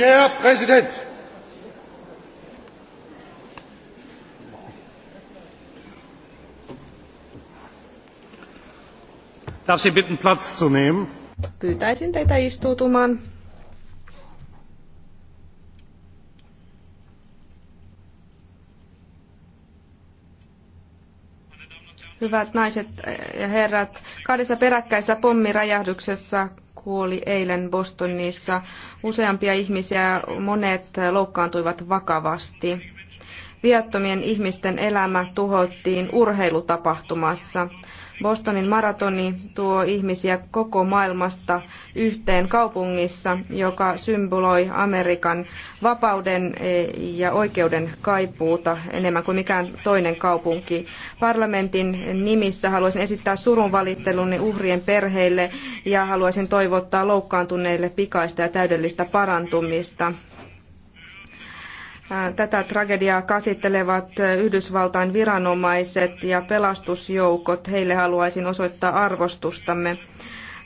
Herr Präsident. Darf Sie bitten, Platz zu nehmen? Pyytäisin teitä istuutumaan. Hyvät naiset ja herrat, kahdessa peräkkäisessä pommiräjähdyksessä kuoli eilen Bostonissa useampia ihmisiä, monet loukkaantuivat vakavasti. Viattomien ihmisten elämä tuhottiin urheilutapahtumassa. Bostonin maratoni tuo ihmisiä koko maailmasta yhteen kaupungissa, joka symboloi Amerikan vapauden eh, ja oikeuden kaipuuta enemmän kuin mikään toinen kaupunki. Parlamentin nimissä haluaisin esittää surun valitteluni uhrien perheille ja haluaisin toivottaa loukkaantuneille pikaista ja täydellistä parantumista. Tätä tragediaa käsittelevät Yhdysvaltain viranomaiset ja pelastusjoukot. Heille haluaisin osoittaa arvostustamme.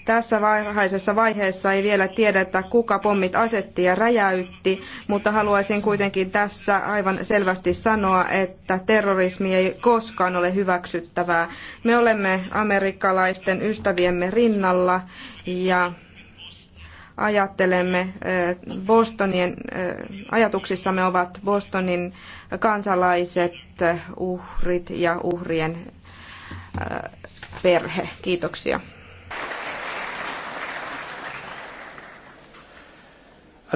Tässä varhaisessa vaiheessa ei vielä tiedetä, kuka pommit asetti ja räjäytti, mutta haluaisin kuitenkin tässä aivan selvästi sanoa, että terrorismi ei koskaan ole hyväksyttävää. Me olemme amerikkalaisten ystäviemme rinnalla ja ajattelemme Bostonien, ajatuksissamme ovat Bostonin kansalaiset, uhrit ja uhrien perhe. Kiitoksia.